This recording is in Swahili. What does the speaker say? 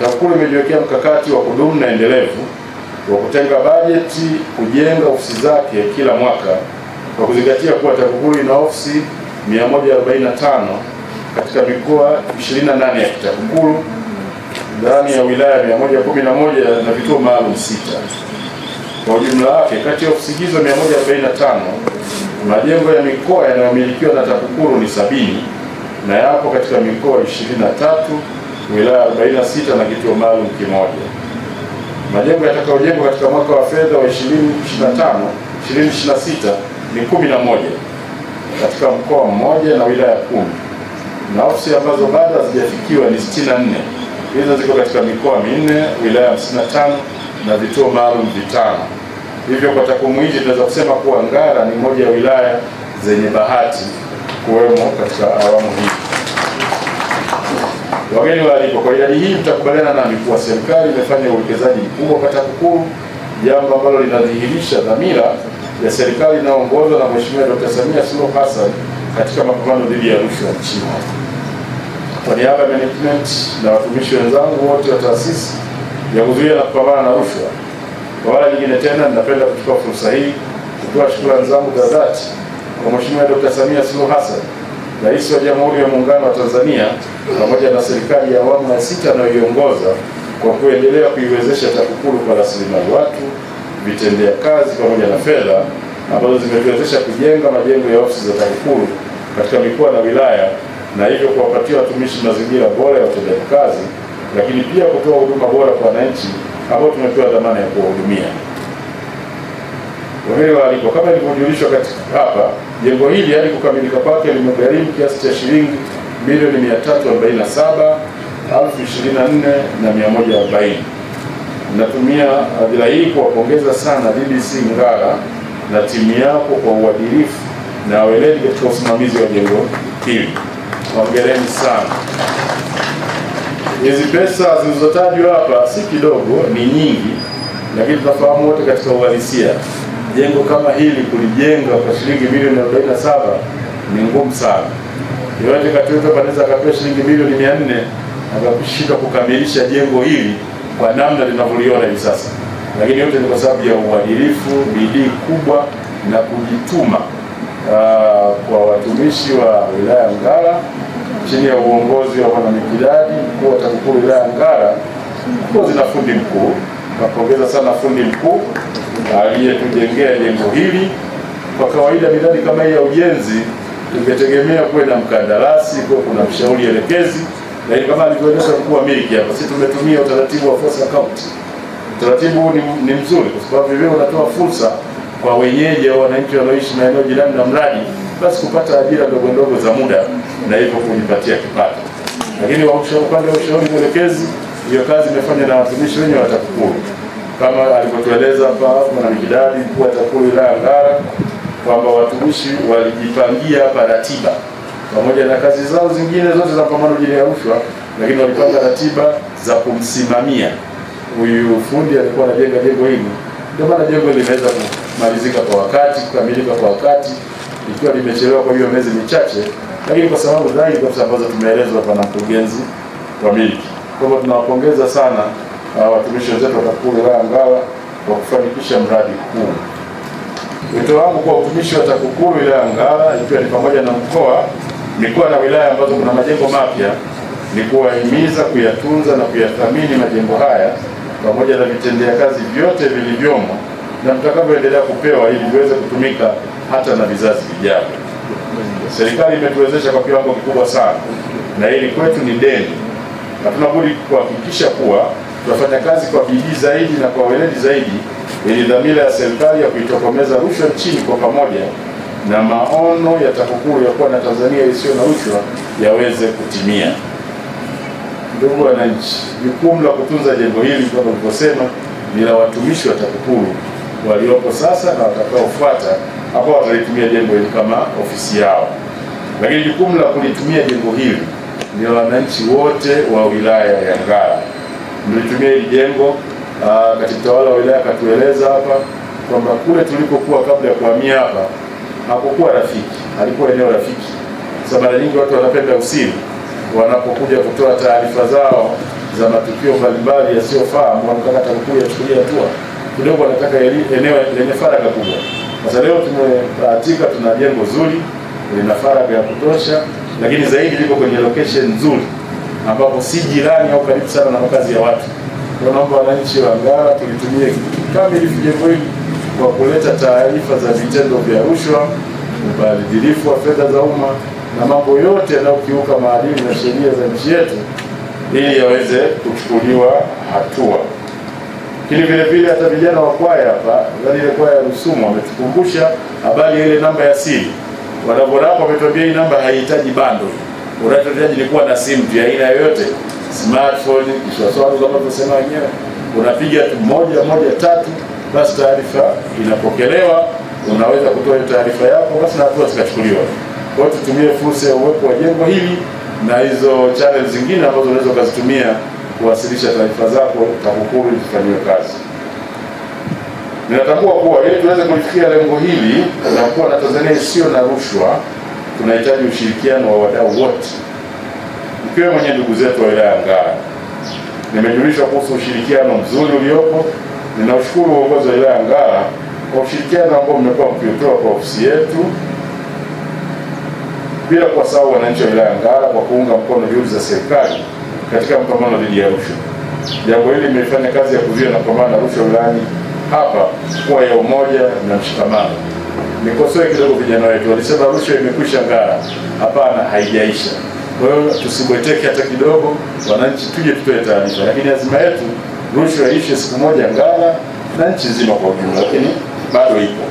TAKUKURU imejiwekea mkakati wa kudumu na endelevu wa kutenga bajeti kujenga ofisi zake kila mwaka kwa kuzingatia kuwa TAKUKURU ina ofisi 145 katika mikoa 28 ya kitakukuru ndani ya wilaya 111 na vituo maalum sita. Kwa ujumla wake, kati ya ofisi hizo 145 majengo ya mikoa yanayomilikiwa na TAKUKURU ni sabini na yapo katika mikoa 23 wilaya 46 na kituo maalum kimoja. Majengo yatakayojengwa katika mwaka wa fedha wa 2025 2026 ni 11 katika mkoa mmoja na wilaya kumi, na ofisi ambazo bado hazijafikiwa ni 64. Hizo ziko katika mikoa minne, wilaya 55 na vituo maalum vitano. Hivyo kwa takwimu hizi tunaweza kusema kuwa Ngara ni moja ya wilaya zenye bahati kuwemo katika awamu hii. Wageni waaliko, kwa idadi hii mtakubaliana nami kuwa serikali imefanya uwekezaji mkubwa kata Kukuru, jambo ambalo linadhihirisha dhamira ya serikali inayoongozwa na Mheshimiwa Dr. Samia Suluhu Hassan katika mapambano dhidi ya rushwa nchini. Kwa niaba ya management na watumishi wenzangu wote wa taasisi ya kuzuia na kupambana na rushwa, kwa mara nyingine tena ninapenda kuchukua fursa hii kutoa shukrani zangu za dhati kwa Mheshimiwa Dr. Samia Suluhu Hassan Rais wa Jamhuri ya Muungano wa Tanzania pamoja na serikali ya awamu ya sita anayoiongoza kwa kuendelea kuiwezesha TAKUKURU kwa rasilimali watu, vitendea kazi pamoja na fedha ambazo zimetuwezesha kujenga majengo ya ofisi za TAKUKURU katika mikoa na wilaya na hivyo kuwapatia watumishi mazingira bora ya utendaji kazi, lakini pia kutoa huduma bora kwa wananchi ambao tumepewa dhamana ya kuwahudumia. Kwa hiyo aliko kama ilivyojulishwa hapa Jengo hili hadi kukamilika kwake limegharimu kiasi cha shilingi milioni 347 na 140. Natumia hadhira hii kuwapongeza sana DDC Ngara na timu yako kwa uadilifu na weledi katika usimamizi wa jengo hili, hongereni sana. Hizi pesa zilizotajwa hapa si kidogo, ni nyingi, lakini tunafahamu wote katika uhalisia jengo kama hili kulijenga kwa shilingi milioni 47 ni ngumu sana. Yoyote kati yetu anaweza akapewa shilingi milioni 400 akashindwa kukamilisha jengo hili kwa namna linavyoliona hivi sasa, lakini yote ni kwa sababu ya uadilifu, bidii kubwa na kujituma uh, kwa watumishi wa wilaya Ngara chini ya uongozi wa bwana Mikidadi, mkuu wa TAKUKURU wilaya Ngara kozi na fundi mkuu. Napongeza sana fundi mkuu aliyetujengea jengo hili. Kwa kawaida miradi kama hii ya ujenzi tungetegemea kuwe na mkandarasi, kuwe kuna mshauri elekezi, lakini kama alivyoeleza mkuu wa miliki hapa, sisi tumetumia utaratibu wa force account. Utaratibu huu ni, ni mzuri kwa sababu vile unatoa fursa kwa wenyeji au wananchi wanaoishi maeneo jirani na mradi basi kupata ajira ndogo ndogo za muda na hivyo kujipatia kipato. Lakini upande wa ushauri mwelekezi hiyo kazi imefanya na watumishi wenye wa TAKUKURU kama alivyotueleza hapa mwanamidadi mkuu wa TAKUKURU wilaya Ngara kwamba watumishi walijipangia hapa ratiba pamoja na kazi zao zingine zote za pambano dhidi ya rushwa, lakini walipanga ratiba za kumsimamia huyu fundi alikuwa anajenga jengo hili. Ndio maana jengo limeweza kumalizika kwa wakati, kukamilika kwa wakati, ikiwa limechelewa kwa hiyo miezi michache, lakini kwa sababu dhahiri kabisa ambazo tumeelezwa hapa na mkurugenzi wa miliki kwamba tunawapongeza sana uh, watumishi wenzetu TAKUKURU wilaya ya Ngara kwa kufanikisha mradi huu. Wito wangu kwa utumishi wa TAKUKURU wilaya ya Ngara, ikiwa ni pamoja na mkoa, mikoa na wilaya ambazo kuna majengo mapya, ni kuwahimiza kuyatunza na kuyathamini majengo haya pamoja na vitendea kazi vyote vilivyomo na mtakavyoendelea kupewa ili viweze kutumika hata na vizazi vijavyo. Serikali imetuwezesha kwa kiwango kikubwa sana, na hili kwetu ni deni na tunabudi kuhakikisha kuwa tunafanya kazi kwa bidii zaidi na kwa weledi zaidi ili dhamira ya serikali ya kuitokomeza rushwa nchini kwa pamoja na maono ya TAKUKURU ya kuwa na Tanzania isiyo na rushwa yaweze kutimia. Ndugu wananchi, jukumu la kutunza jengo hili kama nilivyosema ni la watumishi wa TAKUKURU waliopo sasa na watakaofuata, ambao watalitumia jengo hili kama ofisi yao, lakini jukumu la kulitumia jengo hili ni wananchi wote wa wilaya ya Ngara mlitumia hili jengo. Ah, Katibu tawala wa wilaya akatueleza hapa kwamba kule tulikokuwa kabla ya kuhamia hapa hakukuwa rafiki, alikuwa eneo rafiki. sababu mara nyingi watu wanapenda usiri wanapokuja kutoa taarifa zao za matukio mbalimbali yasiyofaa, wanataka TAKUKURU yachukulia hatua kidogo, wanataka eneo lenye faragha kubwa. Sasa leo tumebahatika, tuna jengo zuri lina faragha ya kutosha lakini zaidi liko kwenye location nzuri ambapo si jirani au karibu sana na makazi ya watu. Naomba wananchi wa Ngara tulitumie kama jengo hili kwa kuleta taarifa za vitendo vya rushwa, ubadhirifu wa fedha za umma na mambo yote yanayokiuka maadili na sheria za nchi yetu ili yaweze kuchukuliwa hatua. Lakini vile vile hata vijana wa kwaya hapa, yaani ile kwaya ya Rusumo wametukumbusha habari ile namba ya siri wanabodaboda wametuambia hii namba haihitaji bando, unachohitaji ni kuwa na simu ya aina yoyote, smartphone, kiswaswali kama tunasema wenyewe, unapiga tu moja moja tatu, basi taarifa inapokelewa, unaweza kutoa hiyo taarifa yako, basi na hatua zikachukuliwa. Kwa hiyo tutumie fursa ya uwepo wa jengo hili na hizo channel zingine ambazo unaweza ukazitumia kuwasilisha taarifa zako TAKUKURU zifanyiwe kazi. Ninatambua kuwa ili tuweze kufikia lengo hili na kuwa na Tanzania isiyo na rushwa, tunahitaji ushirikiano wa wadau wote, mkiwemo mwenye ndugu zetu wa wilaya ya Ngara. Nimejulishwa kuhusu ushirikiano mzuri uliopo. Ninashukuru uongozi wa wilaya ya Ngara kwa ushirikiano ambao mmekuwa mkiutoa kwa ofisi yetu, bila kuwasahau wananchi wa wilaya ya Ngara kwa kuunga mkono juhudi za serikali katika mpambano dhidi ya rushwa. Jambo hili limefanya kazi ya kuzuia na kupambana na rushwa wilayani hapa kuwa ya umoja na mshikamano. Nikosoe kidogo vijana wetu, walisema rushwa imekwisha Ngara. Hapana, haijaisha. Kwa hiyo tusibweteke hata kidogo, wananchi tuje tutoe taarifa, lakini azima yetu rushwa ishe siku moja Ngara na nchi nzima kwa ujumla, lakini bado ipo.